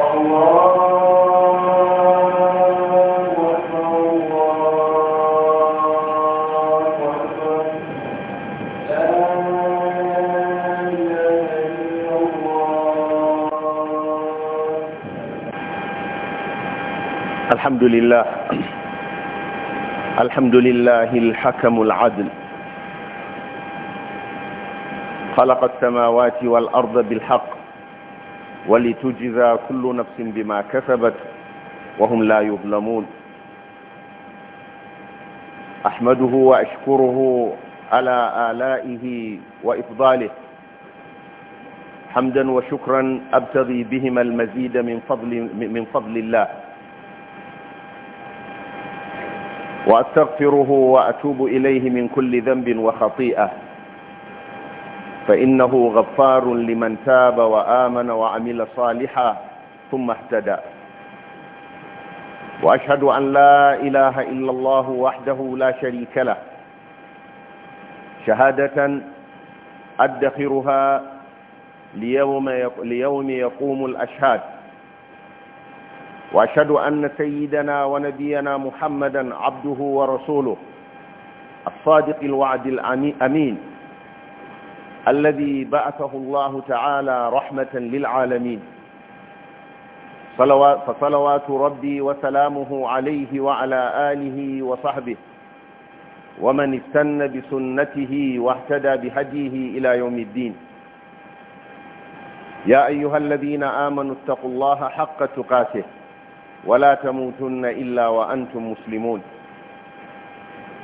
الحمد لله الحمد لله الحكم العدل خلق السماوات والأرض بالحق ولتجزى كل نفس بما كسبت وهم لا يظلمون أحمده وأشكره على آلائه وإفضاله حمدا وشكرا أبتغي بهما المزيد من فضل, من فضل الله وأستغفره وأتوب إليه من كل ذنب وخطيئة فإنه غفار لمن تاب وآمن وعمل صالحا ثم اهتدى وأشهد أن لا إله إلا الله وحده لا شريك له شهادة أدخرها ليوم, ليوم يقوم الأشهاد وأشهد أن سيدنا ونبينا محمدا عبده ورسوله الصادق الوعد الأمين الذي بعثه الله تعالى رحمة للعالمين فصلوات ربي وسلامه عليه وعلى آله وصحبه ومن استن بسنته واهتدى بهديه إلى يوم الدين يا أيها الذين آمنوا اتقوا الله حق تقاته ولا تموتن إلا وأنتم مسلمون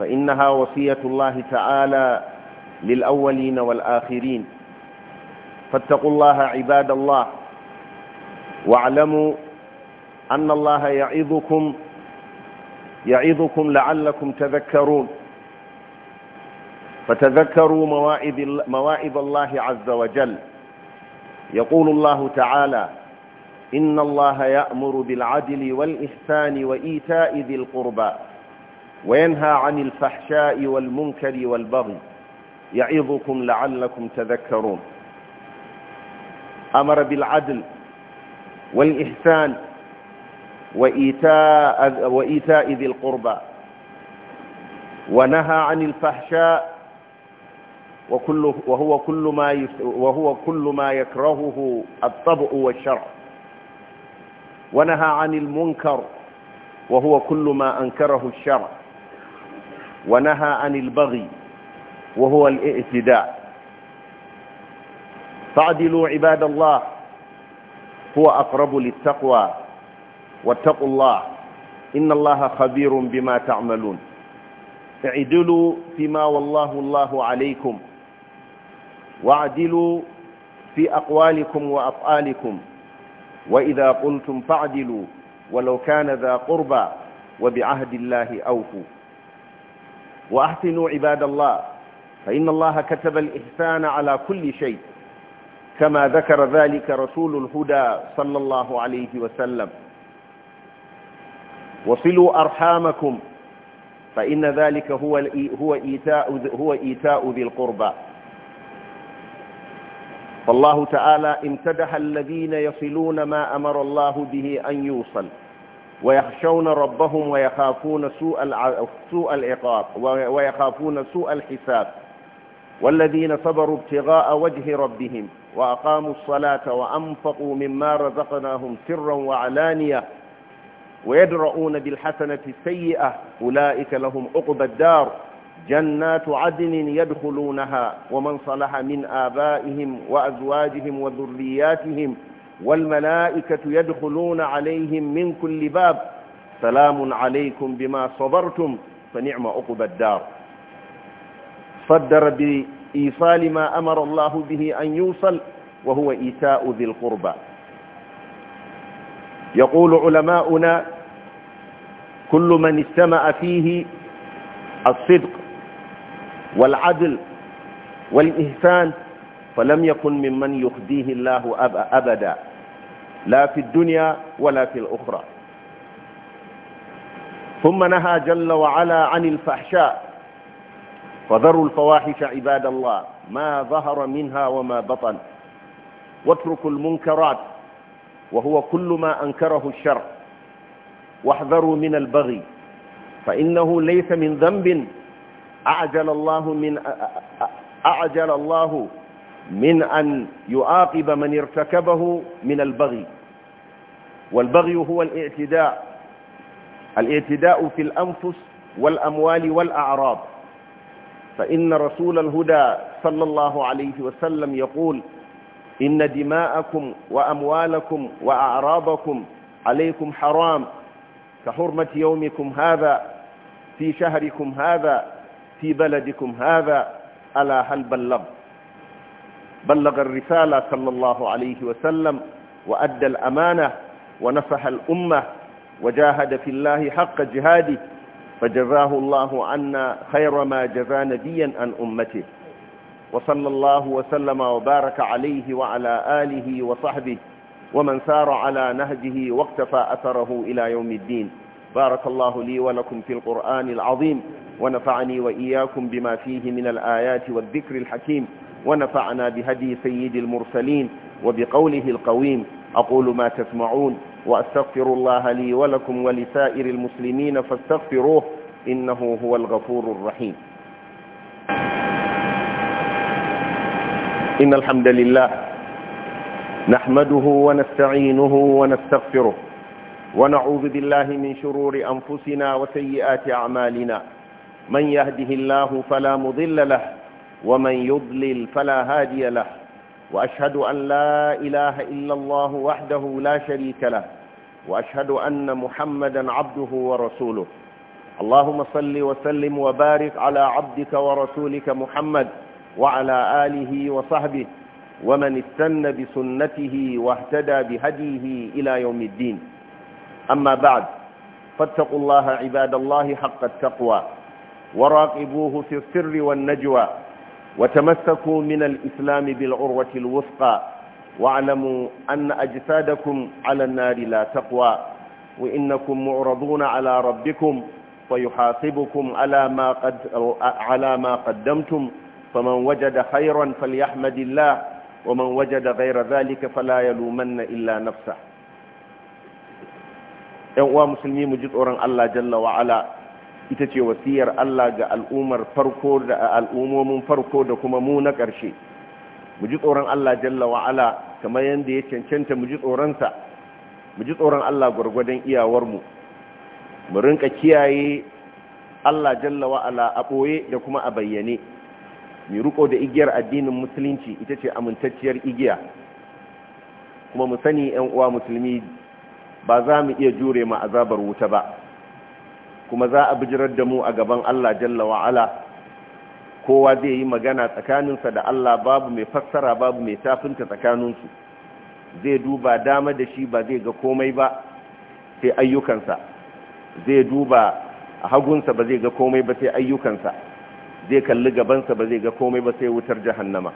فإنها وصية الله تعالى للأولين والآخرين فاتقوا الله عباد الله واعلموا أن الله يعظكم يعظكم لعلكم تذكرون فتذكروا مواعظ مواعظ الله عز وجل يقول الله تعالى إن الله يأمر بالعدل والإحسان وإيتاء ذي القربى وينهى عن الفحشاء والمنكر والبغي يعظكم لعلكم تذكرون أمر بالعدل والإحسان وإيتاء, وإيتاء ذي القربى ونهى عن الفحشاء وكل وهو كل ما وهو كل ما يكرهه الطبع والشرع ونهى عن المنكر وهو كل ما أنكره الشرع ونهى عن البغي وهو الاعتداء فاعدلوا عباد الله هو أقرب للتقوى واتقوا الله إن الله خبير بما تعملون اعدلوا فيما والله الله عليكم واعدلوا في أقوالكم وأفعالكم وإذا قلتم فاعدلوا ولو كان ذا قربى وبعهد الله أوفوا وأحسنوا عباد الله فإن الله كتب الإحسان على كل شيء كما ذكر ذلك رسول الهدى صلى الله عليه وسلم وصلوا أرحامكم فإن ذلك هو هو إيتاء هو إيتاء ذي القربى فالله تعالى امتدح الذين يصلون ما أمر الله به أن يوصل ويخشون ربهم ويخافون سوء سوء العقاب ويخافون سوء الحساب والذين صبروا ابتغاء وجه ربهم وأقاموا الصلاة وأنفقوا مما رزقناهم سرا وعلانية ويدرؤون بالحسنة السيئة أولئك لهم عقبى الدار جنات عدن يدخلونها ومن صلح من آبائهم وأزواجهم وذرياتهم والملائكة يدخلون عليهم من كل باب سلام عليكم بما صبرتم فنعم عقب الدار صدر بإيصال ما أمر الله به أن يوصل وهو إيتاء ذي القربى يقول علماؤنا كل من استمع فيه الصدق والعدل والإحسان فلم يكن ممن يخديه الله أبدا لا في الدنيا ولا في الأخرى ثم نهى جل وعلا عن الفحشاء فذروا الفواحش عباد الله ما ظهر منها وما بطن واتركوا المنكرات وهو كل ما أنكره الشرع واحذروا من البغي فإنه ليس من ذنب أعجل الله من أعجل الله من أن يعاقب من ارتكبه من البغي والبغي هو الاعتداء الاعتداء في الأنفس والأموال والأعراض فإن رسول الهدى صلى الله عليه وسلم يقول إن دماءكم وأموالكم وأعراضكم عليكم حرام كحرمة يومكم هذا في شهركم هذا في بلدكم هذا ألا هل بلغت بلغ الرسالة صلى الله عليه وسلم وأدى الأمانة ونصح الأمة وجاهد في الله حق جهاده فجزاه الله عنا خير ما جزى نبيا عن أمته وصلى الله وسلم وبارك عليه وعلى آله وصحبه ومن سار على نهجه واقتفى أثره إلى يوم الدين بارك الله لي ولكم في القرآن العظيم ونفعني وإياكم بما فيه من الآيات والذكر الحكيم ونفعنا بهدي سيد المرسلين وبقوله القويم أقول ما تسمعون وأستغفر الله لي ولكم ولسائر المسلمين فاستغفروه إنه هو الغفور الرحيم إن الحمد لله نحمده ونستعينه ونستغفره ونعوذ بالله من شرور أنفسنا وسيئات أعمالنا من يهده الله فلا مضل له ومن يضلل فلا هادي له وأشهد أن لا إله إلا الله وحده لا شريك له وأشهد أن محمدا عبده ورسوله اللهم صل وسلم وبارك على عبدك ورسولك محمد وعلى آله وصحبه ومن استنى بسنته واهتدى بهديه إلى يوم الدين أما بعد فاتقوا الله عباد الله حق التقوى وراقبوه في السر والنجوى وتمسكوا من الإسلام بالعروة الوثقى واعلموا أن أجسادكم على النار لا تقوى وإنكم معرضون على ربكم فيحاسبكم على ما, قد على ما قدمتم فمن وجد خيرا فليحمد الله ومن وجد غير ذلك فلا يلومن إلا نفسه ‘yan مسلمين مجد أوران الله جل وعلا ita ce wasiyar Allah ga al'ummar farko da al'ummomin farko da kuma mu na ƙarshe mu ji tsoron Allah jalla wa'ala kamar yadda ya cancanta mu ji tsoronsa mu ji tsoron Allah gwargwadon iyawarmu mu rinka kiyaye Allah jalla wa'ala a ɓoye da kuma a bayyane mu riko da igiyar addinin musulunci ita ce amintacciyar igiya kuma mu sani 'yan uwa musulmi ba za mu iya jure mu azabar wuta ba kuma za a bijirar da mu a gaban Allah jalla wa'ala kowa zai yi magana tsakaninsa da Allah babu mai fassara babu mai tafinta tsakaninsu zai duba dama da shi ba zai ga komai ba sai ayyukansa zai duba hagunsa ba zai ga komai ba sai ayyukansa zai kalli gabansa ba zai ga komai ba sai wutar jahannama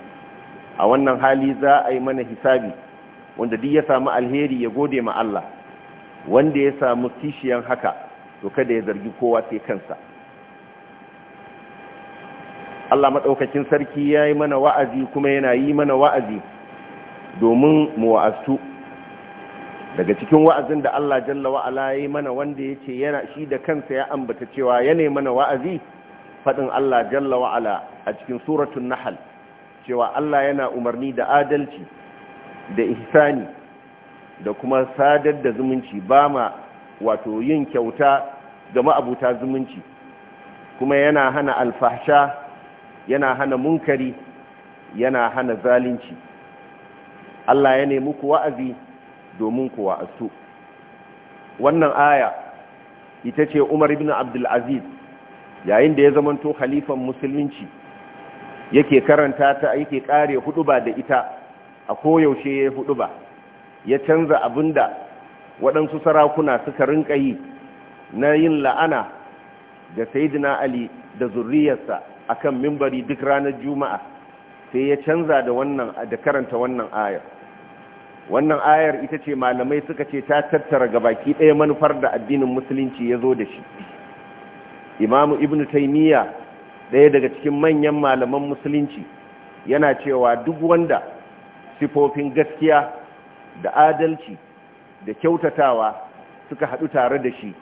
a wannan hali za a yi mana hisabi wanda duk ya samu alheri ya gode ma Allah wanda ya samu kishiyan haka to kada ya zargi kowa sai kansa Allah maɗaukakin sarki ya yi mana wa'azi kuma yana yi mana wa'azi domin mu wa'astu daga cikin wa'azin da Allah jalla wa'ala ya yi mana wanda ya ce yana shi da kansa ya ambata cewa ne mana wa'azi faɗin Allah jalla wa'ala a cikin suratun nahal cewa Allah yana umarni da adalci da ihsani da kuma sadar da zumunci ba ma wato yin kyauta ga ma'abuta zumunci kuma yana hana alfahsha yana hana munkari yana hana zalunci Allah ya nemi ku wa'azi domin ku wa'astu wannan aya ita ce Umar ibn Abdul Aziz yayin da ya zamanto khalifan musulunci yake karanta ta yake kare huduba da ita a koyaushe ya huduba ya canza abinda waɗansu sarakuna suka rinƙa yi na yin la'ana ga saidina ali da zurriyarsa akan mimbari duk ranar juma'a sai ya canza da wannan da karanta wannan ayar wannan ayar ita ce malamai suka ce ta tattara ga baki ɗaya manufar da addinin musulunci ya zo da shi imamu ibn taimiyya ɗaya daga cikin manyan malaman musulunci yana cewa duk wanda sifofin gaskiya da adalci da kyautatawa suka haɗu tare da shi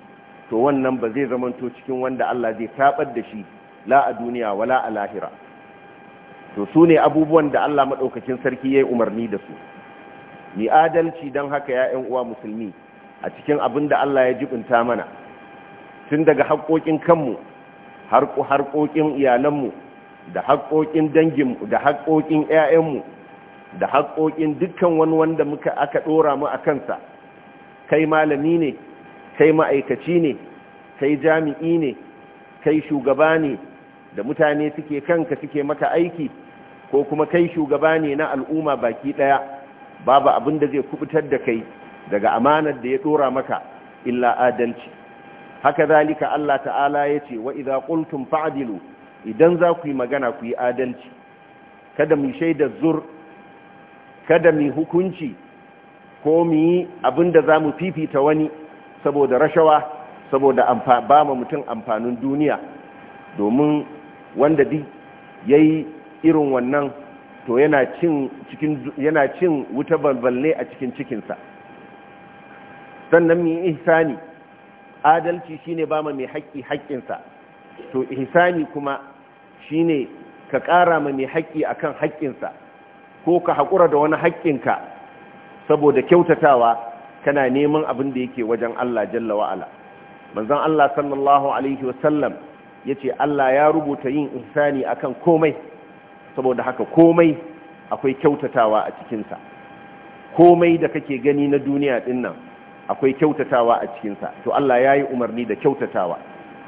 to wannan ba zai zamanto cikin wanda Allah zai tabar da shi la a duniya wala a lahira to su ne abubuwan da Allah maɗaukacin sarki ya yi umarni da su ni adalci don haka ya uwa musulmi a cikin abin da Allah ya jibinta mana tun daga haƙoƙin kanmu harƙoƙin iyalanmu da haƙoƙin danginmu da haƙoƙin 'ya'yanmu da haƙoƙin dukkan wani wanda muka aka ɗora mu a kansa kai malami ne kai ma'aikaci ne kai jami'i ne kai shugaba ne da mutane suke kanka suke maka aiki ko kuma kai shugaba ne na al'umma baki daya babu abin da zai kubutar da kai daga amanar da ya dora maka illa adalci haka zalika Allah ta'ala ya ce wa idza qultum fa'dilu idan za ku yi magana ku yi adalci kada mu shaida zur kada mu hukunci ko mu yi abin da za mu fifita wani saboda rashawa saboda ba ma mutum amfanin duniya domin wanda duk ya yi irin wannan to yana cin wuta balballe a cikin cikinsa sannan mai ihsani adalci shine ba ma mai haƙƙi haƙƙinsa to ihsani kuma shine ka ƙara ma mai haƙƙi a kan haƙƙinsa ko ka haƙura da wani haƙƙinka saboda kyautatawa kana neman abin da yake wajen Allah jalla wa'ala manzon Allah sallallahu alaihi wasallam yace Allah ya rubuta yin ihsani akan komai saboda haka komai akwai kyautatawa a cikinsa komai da kake gani na duniya din nan akwai kyautatawa a cikinsa to Allah ya yi umarni da kyautatawa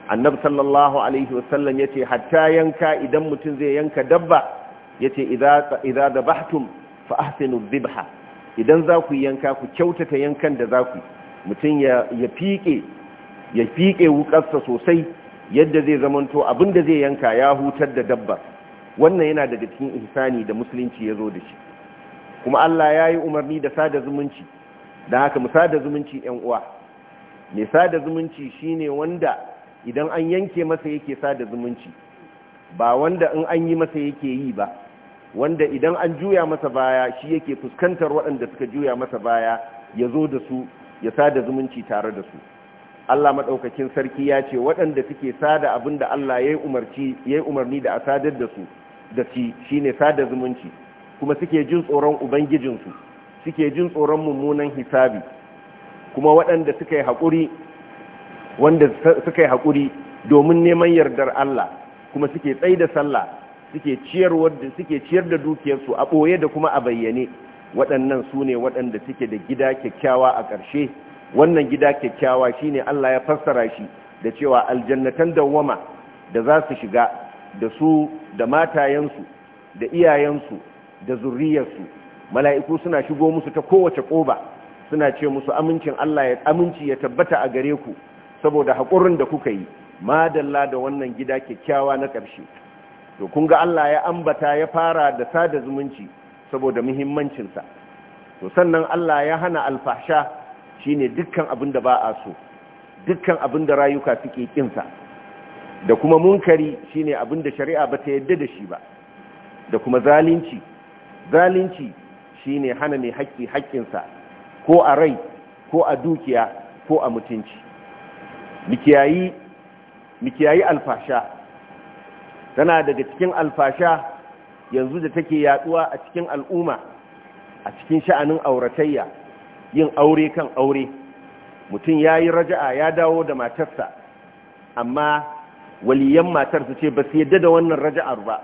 annab sallallahu alaihi wasallam ya ce hatta yanka idan mutum zai yanka dabba ya ce idan da fa ahsinu dhibha idan za ku yanka ku kyautata yankan da za ku mutum ya fiƙe ya fiƙe wukarsa sosai yadda zai zamanto abinda zai yanka ya hutar da dabba wannan yana daga cikin ihsani da musulunci ya zo da shi kuma Allah ya yi umarni da sada zumunci da haka mu sada zumunci yan uwa mai sada zumunci shine wanda idan an yanke masa yake sada zumunci ba wanda in an yi masa yake yi ba wanda idan an juya masa baya shi yake fuskantar waɗanda suka juya masa baya ya zo da su ya sada zumunci tare da su Allah maɗaukakin sarki ya ce waɗanda suke sada abin da Allah ya yi umarni da a sadar da su da shi shi ne sada zumunci kuma suke jin tsoron ubangijinsu suke jin tsoron mummunan hisabi kuma waɗanda suka yi haƙuri domin neman yardar Allah kuma suke tsaye da sallah suke ciyar da dukiyarsu a ɓoye da kuma a bayyane waɗannan su ne waɗanda suke da gida kyakkyawa a ƙarshe wannan gida kyakkyawa shine Allah ya fassara shi da cewa aljannatan dawwama da za su shiga da su da matayensu da iyayensu da zurriyarsu mala'iku suna shigo musu ta kowace ƙoba suna ce musu amincin Allah ya aminci ya tabbata a gare ku saboda haƙurin da kuka yi madalla da wannan gida kyakkyawa na ƙarshe to kun ga Allah ya ambata ya fara da sada zumunci saboda muhimmancinsa to sannan Allah ya hana alfahsha shine dukkan abin da ba a so dukkan abin da rayuka suke kinsa da kuma munkari shine abin da shari'a ba ta yadda da shi ba da kuma zalunci zalunci shine hana mai haƙƙi haƙƙinsa ko a rai ko a dukiya ko a mutunci mikiyayi alfasha tana daga cikin alfasha yanzu da take yaduwa a cikin al'umma a cikin sha'anin auratayya yin aure kan aure mutum ya yi raja'a ya dawo da matarsa amma waliyan matar su ce ba su yadda da wannan raja'ar ba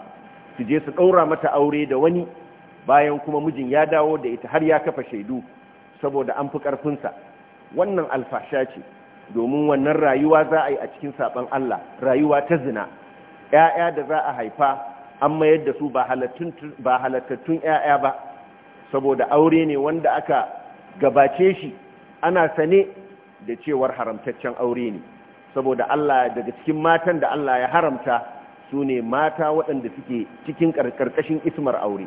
su je su ɗaura mata aure da wani bayan kuma mijin ya dawo da ita har ya kafa shaidu saboda an fi ƙarfinsa wannan alfasha ce domin wannan rayuwa za a yi a cikin saɓon Allah rayuwa ta zina 'ya'ya da za a haifa an mayar da su ba halattattun 'ya'ya ba saboda aure ne wanda aka gabace shi ana sane da cewar haramtaccen aure ne saboda Allah daga cikin matan da Allah ya haramta su ne mata waɗanda suke cikin ƙarƙashin ismar aure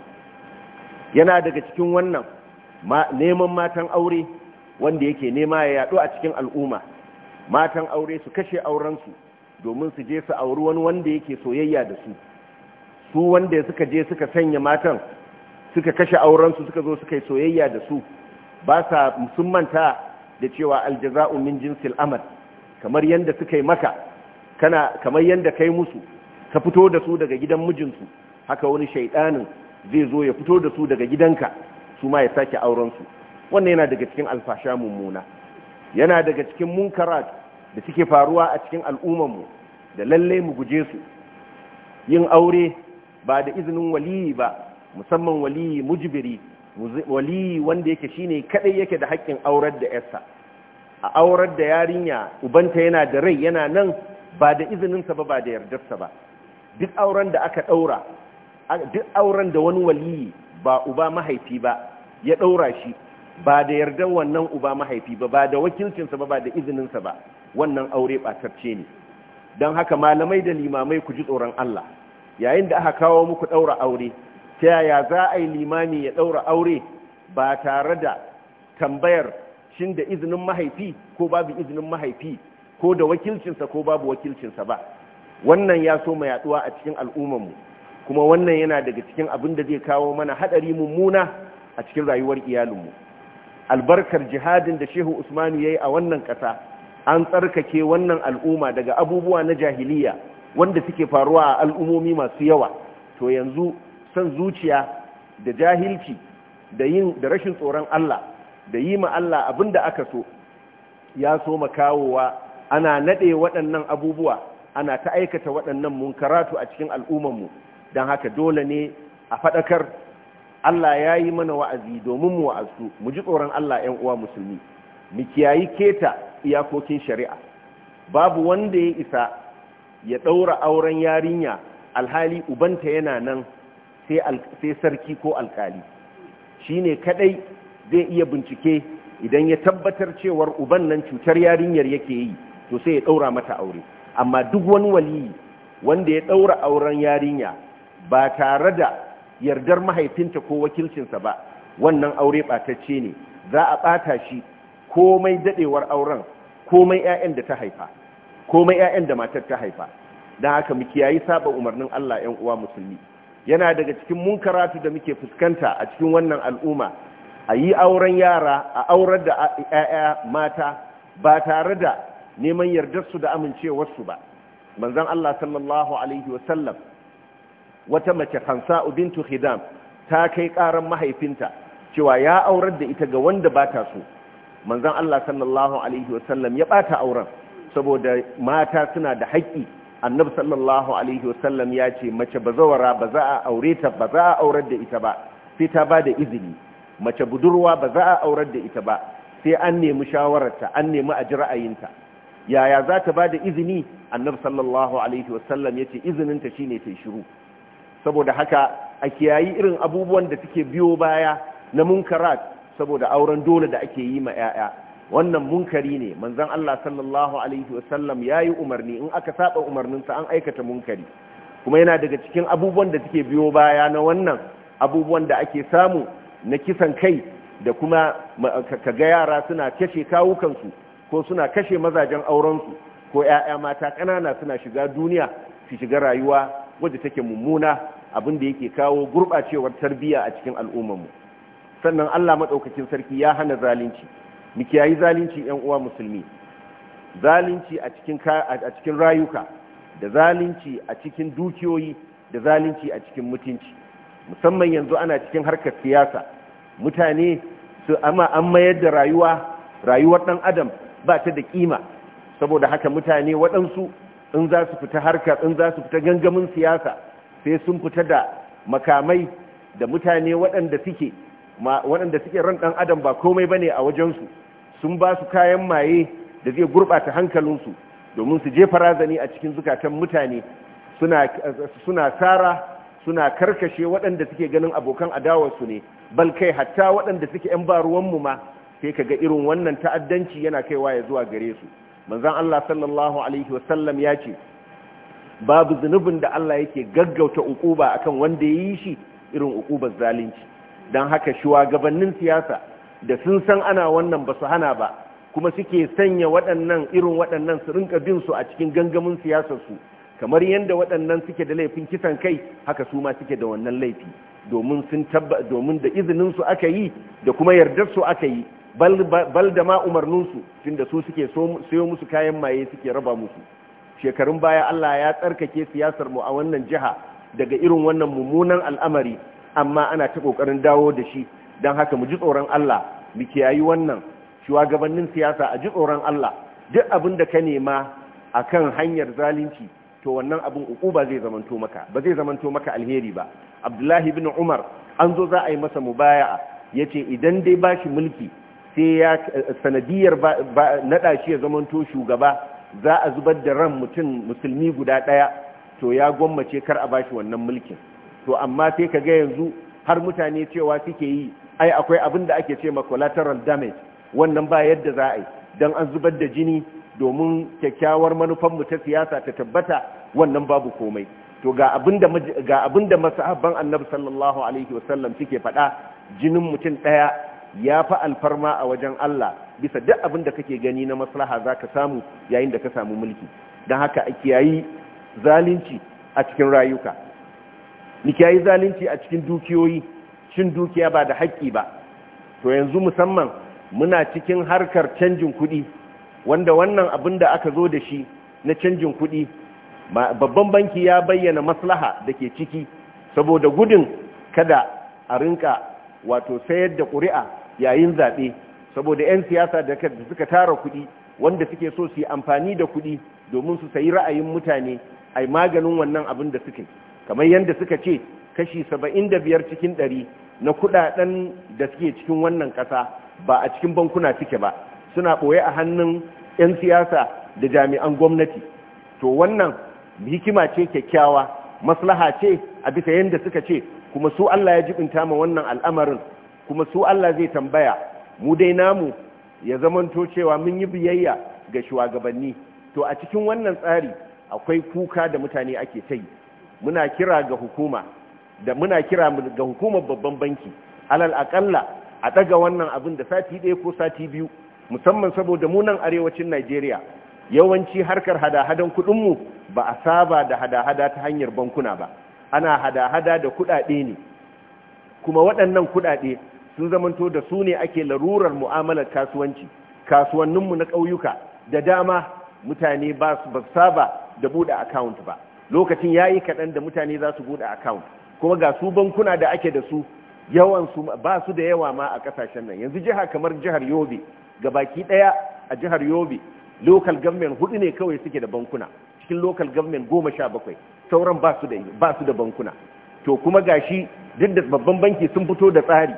yana daga cikin wannan neman matan aure wanda yake nema ya yaɗu a cikin al'umma matan aure su kashe aurensu domin su je su auri wani wanda yake soyayya da su su wanda suka je suka sanya matan suka kashe aurensu suka zo suka yi soyayya da su ba sa musummanta da cewa aljaza'u min jinsil amal kamar yanda suka yi maka kana kamar yanda kai musu ka fito da su daga gidan mijinsu haka wani shaidanin zai zo ya fito da su daga gidanka su ma ya sake aurensu wannan yana daga cikin alfasha mummuna yana daga cikin munkaratu. da suke faruwa a cikin al'ummarmu da lallai mu guje su yin aure ba da izinin waliyi ba musamman waliyi mujibiri waliyi wanda yake shine kadai yake da haƙƙin aurar da yarsa a aurar da yarinya ubanta yana da rai yana nan ba da izininsa ba ba da yardarsa ba duk auren da aka daura duk auren da wani waliyi ba uba mahaifi ba ya daura shi ba da yardar wannan uba mahaifi ba ba da wakilcinsa ba ba da izininsa ba wannan aure batacce ne don haka malamai da limamai ku ji tsoron Allah yayin da aka kawo muku ɗaura aure ta yaya za a yi limami ya ɗaura aure ba tare da tambayar shin da izinin mahaifi ko babu izinin mahaifi ko da wakilcinsa ko babu wakilcinsa ba wannan ya so mai yaduwa a cikin al'ummarmu kuma wannan yana daga cikin abin da zai kawo mana haɗari mummuna a cikin rayuwar iyalinmu albarkar jihadin da shehu usmanu ya yi a wannan ƙasa an tsarkake wannan al'umma daga abubuwa na jahiliya wanda suke faruwa a al'ummomi masu yawa to yanzu san zuciya da jahilci da yin da rashin tsoron Allah da yi ma Allah abinda aka so ya so makawowa ana nade waɗannan abubuwa ana ta aikata waɗannan munkaratu a cikin mu. don haka dole ne a faɗakar Allah ya yi mana wa'azi domin mu wa'azu mu ji tsoron Allah ‘yan uwa musulmi mu kiyayi keta iyakokin shari'a babu wanda ya isa ya ɗaura auren yarinya alhali ubanta yana nan sai sarki ko alkali shi ne kaɗai zai iya bincike idan ya tabbatar cewar uban nan cutar yarinyar yake yi to sai ya ɗaura mata aure amma duk wani waliyi wanda ya ɗaura auren yarinya ba tare da yardar mahaifinta ko wakilcinsa ba wannan aure ɓatacce ne za a ɓata shi komai daɗewar auren komai ƴaƴan da ta haifa komai ƴaƴan da matar ta haifa da haka mu kiyayi saba umarnin Allah 'yan uwa musulmi yana daga cikin munkaratu da muke fuskanta a cikin wannan al'umma a yi auren yara a aurar da yaya mata ba tare da neman yardarsu da amincewarsu ba manzon Allah sallallahu alaihi wasallam wata mace kansa bintu Khidam ta kai karan mahaifinta cewa ya aurar da ita ga wanda ba ta so manzon Allah sallallahu alaihi wasallam ya bata auren saboda mata suna da haƙƙi annabi sallallahu alaihi wasallam ya ce mace bazawara ba za a aure ta ba za a aurar da ita ba sai ta ba da izini mace budurwa ba za a aurar da ita ba sai an nemi shawararta an nemi a ji ra'ayinta yaya za ta ba da izini annabi sallallahu alaihi wasallam ya ce izininta shine ta shiru saboda haka a kiyayi irin abubuwan da suke biyo baya na munkarat saboda auren dole da ake yi ma 'ya'ya wannan munkari ne manzon Allah sallallahu alaihi wasallam yayi umarni in aka saba umarninsa an aikata munkari kuma yana daga cikin abubuwan da suke biyo baya na wannan abubuwan da ake samu na kisan kai da kuma ka ga yara suna kashe kawukansu ko suna kashe mazajen aurensu ko 'ya'ya mata ƙanana suna shiga duniya su shiga rayuwa wadda take mummuna abin da yake kawo gurɓacewar tarbiyya a cikin al'ummarmu sannan Allah maɗaukakin sarki ya hana zalunci mu kiyayi zalunci yan uwa musulmi zalunci a cikin rayuka da zalunci a cikin dukiyoyi da zalunci a cikin mutunci musamman yanzu ana cikin harkar siyasa mutane su ama an mayar da rayuwa rayuwar ɗan adam ba ta da kima saboda haka mutane waɗansu in za su fita harkar in za su fita gangamin siyasa sai sun fita da makamai da mutane waɗanda suke waɗanda suke ran ɗan adam ba komai bane a wajensu sun ba su kayan maye da zai gurɓata hankalinsu domin su je farazani a cikin zukatan mutane suna tsara suna karkashe waɗanda suke ganin abokan adawarsu ne bal kai hatta waɗanda suke 'yan ba ma sai ka ga irin wannan ta'addanci yana kaiwa ya zuwa gare su manzan Allah sallallahu alaihi wasallam ya ce babu zunubin da Allah yake gaggauta ukuba akan wanda ya yi shi irin ukubar zalunci don haka shugabannin siyasa da sun san ana wannan ba su hana ba kuma suke sanya waɗannan irin waɗannan su rinka bin su a cikin gangamin siyasarsu kamar yadda waɗannan suke da laifin kisan kai haka su ma suke da wannan laifi domin sun tabba domin da izinin su aka yi da kuma yardar su aka yi bal da ma umarnin su tunda su suke sayo musu kayan maye suke raba musu shekarun baya Allah ya tsarkake siyasar mu a wannan jiha daga irin wannan mummunan al'amari amma ana ta ƙoƙarin dawo da shi don haka mu ji tsoron Allah mu kiyayi wannan shugabannin siyasa a ji tsoron Allah duk abin da ka nema a kan hanyar zalunci to wannan abin ba zai zamanto maka ba zai zamanto maka alheri ba Abdullahi ibn Umar an zo za a yi masa ya ce idan dai bashi mulki sai ya sanadiyar nada shi ya zamanto shugaba za a zubar da ran mutum musulmi guda ɗaya to ya gwammace kar a bashi wannan mulkin to amma sai ka ga yanzu har mutane cewa suke yi ai akwai abin da ake ce ma collateral damage wannan ba yadda za a yi don an zubar da jini domin kyakkyawar manufar mu ta siyasa ta tabbata wannan babu komai to ga abin da masahabban annabi sallallahu alaihi wasallam suke faɗa jinin mutum ɗaya ya fi alfarma a wajen Allah bisa duk abin da kake gani na maslaha za ka samu yayin da ka samu mulki don haka a kiyayi zalunci a cikin rayuka yi zalunci a cikin dukiyoyi cin dukiya ba da haƙƙi ba to yanzu musamman muna cikin harkar canjin kuɗi wanda wannan abin da aka zo da shi na canjin kuɗi babban banki ya bayyana maslaha da ke ciki saboda gudun kada a rinka wato sayar da ƙuri'a yayin zaɓe saboda 'yan siyasa da suka tara kuɗi wanda suke so su yi amfani da kuɗi domin su sayi ra'ayin mutane a maganin wannan abin da suke kamar yadda suka ce kashi saba'in da biyar cikin ɗari na kuɗaɗen da suke cikin wannan ƙasa ba a cikin bankuna suke ba suna ɓoye a hannun 'yan siyasa da jami'an gwamnati to wannan hikima ce kyakkyawa maslaha ce a bisa yadda suka ce kuma su Allah ya jibinta ma wannan al'amarin kuma su Allah zai tambaya mu dai namu ya zamanto cewa mun yi biyayya ga shugabanni to a cikin wannan tsari akwai kuka da mutane ake ta yi muna kira ga hukuma da muna kira ga hukumar babban banki alal akalla a ɗaga wannan abin da sati ɗaya ko sati biyu musamman saboda munan arewacin Najeriya yawanci harkar hada-hadan kuɗinmu ba a saba da hada-hada ta hanyar bankuna ba ana hada-hada da kuɗaɗe ne kuma waɗannan kuɗaɗe sun zamanto da su ne ake larurar mu'amalar kasuwanci kasuwanninmu na ƙauyuka da dama mutane ba su saba da buɗe account ba lokacin ya yi kaɗan da mutane za su buɗe account kuma ga su bankuna da ake da su yawan ba su da yawa ma a ƙasashen nan yanzu jiha kamar jihar Yobe ga baki ɗaya a jihar Yobe local government hudu ne kawai suke da bankuna cikin local government goma sha bakwai sauran ba su da bankuna to kuma ga shi duk da babban banki sun fito da tsari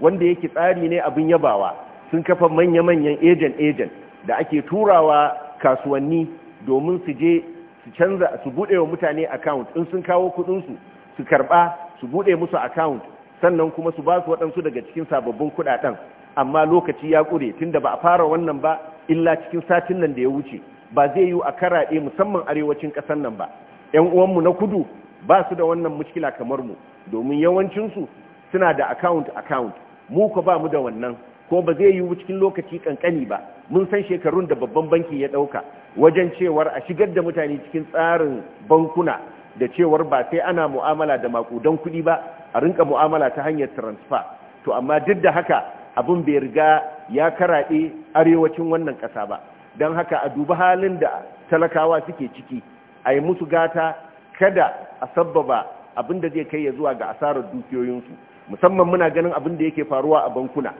wanda yake tsari ne abin yabawa sun kafa manya-manyan agent agent da ake turawa kasuwanni domin su je su canza su bude wa mutane account in sun kawo kudin su su karba su buɗe musu account sannan kuma su ba su waɗansu daga cikin sababbin kuɗaɗen, amma lokaci ya kure tunda ba a fara wannan ba illa cikin satin nan da ya wuce ba zai yi a karaɗe musamman arewacin ƙasar nan ba yan uwanmu na kudu ba su da wannan mushkila kamar mu domin yawancinsu suna da account account mu ko ba mu da wannan ko ba zai yi cikin lokaci kankani ba mun san shekarun da babban banki ya ɗauka wajen cewar a shigar da mutane cikin tsarin bankuna da cewar ba sai ana mu'amala da makudan kuɗi ba a rinka mu'amala ta hanyar transfer to amma duk da haka abin bai riga ya karaɗe arewacin wannan ƙasa ba don haka a dubi halin da talakawa suke ciki a yi musu gata kada a sabbaba abin da zai kai ya zuwa ga asarar dukiyoyinsu musamman muna ganin abin da yake faruwa a bankuna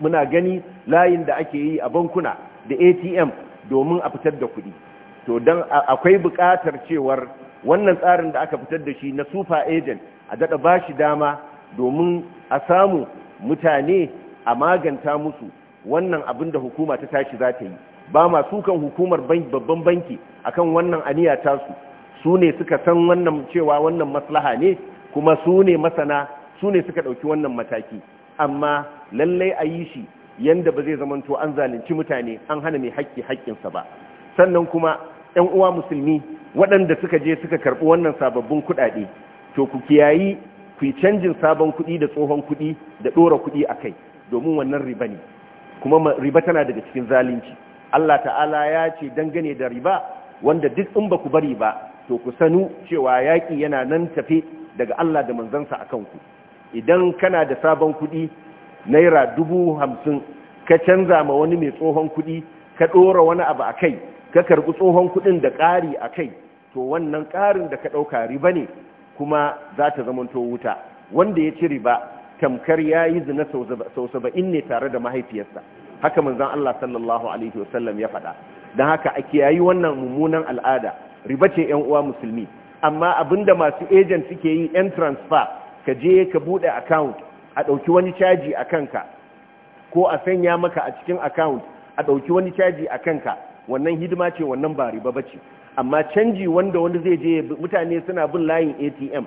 muna gani layin da ake yi a bankuna da atm domin a fitar da kuɗi to don akwai buƙatar cewar wannan tsarin da aka fitar da shi na super agent a daɗa ba shi dama domin a samu mutane a maganta musu wannan abin da hukuma ta tashi za ta yi ba masu kan hukumar babban banki akan wannan aniya tasu su ne suka san wannan cewa wannan maslaha ne kuma su ne masana su ne suka ɗauki wannan mataki amma lallai a yi shi yanda ba zai zamanto an zalunci mutane an hana mai haƙƙi haƙƙinsa ba sannan kuma yan uwa musulmi waɗanda suka je suka karɓi wannan sababbin kuɗaɗe to ku kiyayi ku yi canjin sabon kuɗi da tsohon kuɗi da ɗora kuɗi a kai domin wannan riba ne kuma riba tana daga cikin zalunci Allah ta'ala ya ce dangane da riba wanda duk in ba ku bari ba to ku sanu cewa yaƙi yana nan tafe daga Allah da manzansa a kanku idan kana da sabon kuɗi naira dubu hamsin ka canza ma wani mai tsohon kuɗi ka ɗora wani abu a kai ka karɓi tsohon kuɗin da ƙari a kai to wannan ƙarin da ka ɗauka riba ne kuma za ta zamanto wuta wanda ya ci riba tamkar ya yi zina sau saba'in ne tare da mahaifiyarsa haka manzan Allah sallallahu alaihi wasallam ya faɗa don haka a kiyayi wannan mummunan al'ada riba ce yan uwa musulmi amma abinda masu agent suke yi yan transfer ka je ka buɗe account a ɗauki wani caji a kanka ko a sanya maka a cikin account a ɗauki wani caji a kanka wannan hidima ce wannan ba riba ba ce amma canji wanda wanda zai je mutane suna bin layin atm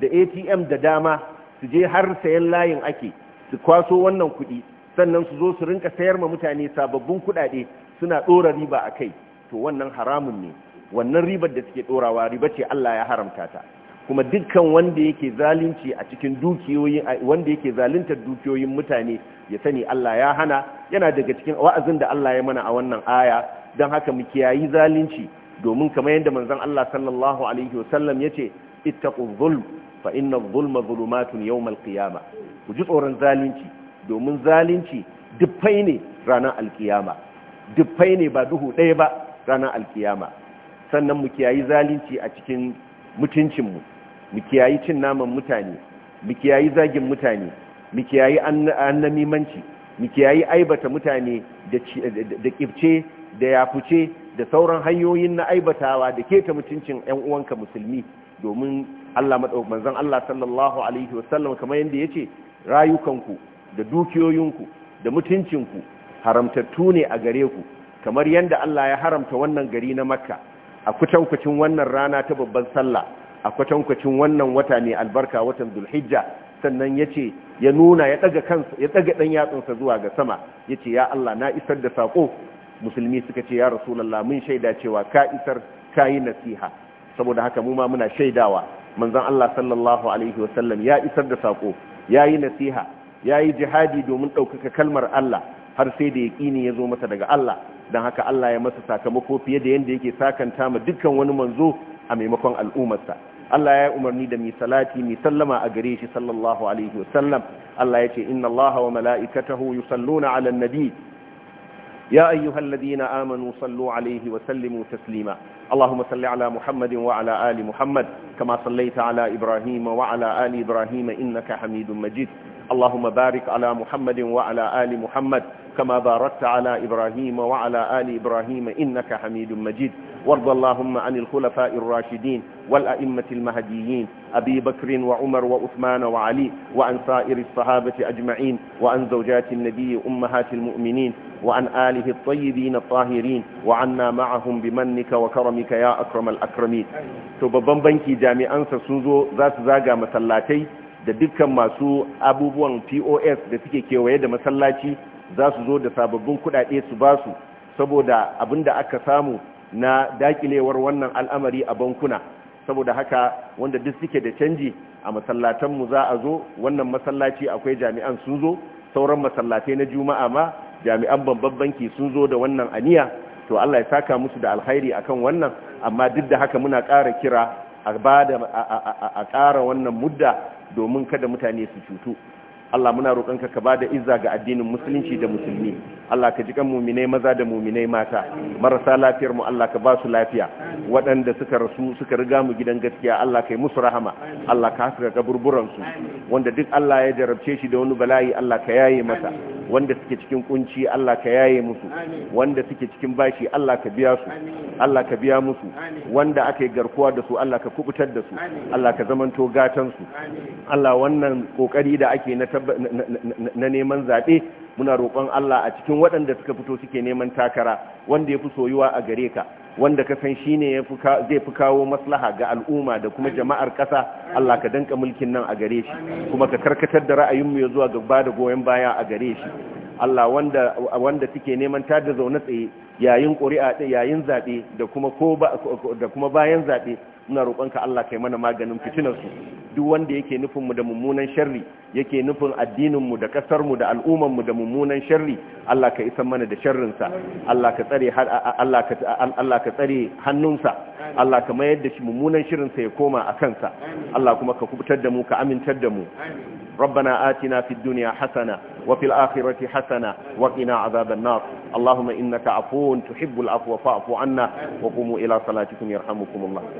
da atm da dama su je har sayan layin ake su kwaso wannan kuɗi sannan su zo su rinka sayar ma mutane sababbin kuɗaɗe suna ɗora riba a kai to wannan haramun ne wannan ribar da suke ɗorawa riba ce allah ya haramta ta kuma dukkan wanda yake zalunci a cikin dukiyoyin wanda yake zaluntar dukiyoyin mutane ya sani Allah ya hana yana daga cikin wa'azin da Allah ya mana a wannan aya don haka mu kiyayi zalunci domin kamar yadda manzon Allah sallallahu alaihi wasallam yace ittaqul zulm fa inna adh-dhulma dhulumatun yawm al qiyama ku ji tsoron zalunci domin zalunci dufai ne ranar alkiyama dufai ne ba duhu ɗaya ba ranar alkiyama sannan mu kiyayi zalunci a cikin mutuncinmu mu kiyayi cin naman mutane mu kiyayi zagin mutane mu kiyayi annamimanci mu kiyayi aibata mutane da kibce da yafuce da sauran hanyoyin na aibatawa da ke ta mutuncin ƴan uwanka musulmi domin Allah manzon Allah sallallahu alaihi wasallam kamar yanda yace rayukanku da dukiyoyinku da mutuncinku haramtattu ne a gare ku kamar yanda Allah ya haramta wannan gari na Makka a kutankucin wannan rana ta babban sallah a kwatankwacin wannan wata ne albarka watan zulhijja sannan ya ce ya nuna ya ɗaga ɗan yatsunsa zuwa ga sama ya ce ya Allah na isar da saƙo musulmi suka ce ya rasulallah mun shaida cewa ka isar ka yi nasiha saboda haka mu ma muna shaidawa manzon Allah sallallahu alaihi wasallam ya isar da saƙo ya yi nasiha ya yi jihadi domin ɗaukaka kalmar Allah har sai da yaƙini ya zo masa daga Allah don haka Allah ya masa sakamako fiye da yadda yake sakanta ma dukkan wani manzo a maimakon al'ummarsa Allah ya umarni da mi salati mi sallama a gare shi sallallahu alaihi wasallam Allah ya ce inna Allah wa mala'ikatahu yusalluna nabi يا أيها الذين آمنوا صلوا عليه وسلموا تسليما اللهم صل على محمد وعلى آل محمد كما صليت على إبراهيم وعلى آل إبراهيم إنك حميد مجيد اللهم بارك على محمد وعلى آل محمد كما باركت على إبراهيم وعلى آل إبراهيم إنك حميد مجيد وارض اللهم عن الخلفاء الراشدين والأئمة المهديين أبي بكر وعمر وعثمان وعلي وعن سائر الصحابة أجمعين وعن زوجات النبي أمهات المؤمنين وعن آله الطيبين الطاهرين وعنا معهم بمنك وكرمك يا أكرم الأكرمين تبابن بنكي جامعان سسوزو ذات زاقا مسلاتي da dukkan masu abubuwan POS da suke kewaye da masallaci za su zo da sababbin kudade su basu saboda abinda aka samu na dakilewar wannan al'amari a bankuna saboda haka wanda duk suke da canji a masallatanmu za a zo wannan masallaci akwai jami'an sun zo sauran masallatai na juma'a ma jami'an babban banki sun zo da wannan aniya to Allah ya saka musu da alkhairi akan wannan amma duk da haka muna ƙara kira a bada a ƙara wannan mudda domin kada mutane su cutu Allah muna roƙonka ka bada izza ga addinin musulunci da musulmi Allah ka jikan muminai maza da muminai mata marasa lafiyar mu Allah ka ba su lafiya waɗanda suka rasu suka riga mu gidan gaskiya Allah ka yi musu rahama Allah ka haska kaburburan su wanda duk Allah ya jarabce shi da wani bala'i Allah ka yaye masa wanda suke cikin kunci Allah ka yaye musu wanda suke cikin bashi Allah ka biya su Allah ka biya musu wanda aka yi garkuwa da su Allah ka kubutar da su Allah ka zamanto gatan su Allah wannan kokari da ake na neman zaɓe muna roƙon Allah a cikin waɗanda suka fito suke neman takara wanda ya fi soyuwa a gare ka wanda ka san shi ne zai fi kawo maslaha ga al'umma da kuma jama'ar ƙasa Allah ka danka mulkin nan a gare shi kuma ka karkatar da ra'ayinmu ya zuwa gaba da goyon baya a gare shi Allah wanda wanda suke neman tada zaune tsaye yayin ƙuri'a yayin zaɓe da kuma bayan zaɓe ina roƙonka Allah kai mana maganin fitinar su duk wanda yake nufin da mummunan sharri yake nufin addinin mu da ƙasarmu da al'umman mu da mummunan sharri Allah ka isa mana da sharrinsa Allah ka tsare Allah ka tsare hannunsa Allah ka mayar da shi mummunan shirinsa ya koma a kansa Allah kuma ka kubutar da mu ka amintar da mu ربنا آتنا في الدنيا حسنة وفي الآخرة حسنة وقنا عذاب النار اللهم إنك عفو تحب العفو فاعف عنا وقوموا إلى صلاتكم يرحمكم الله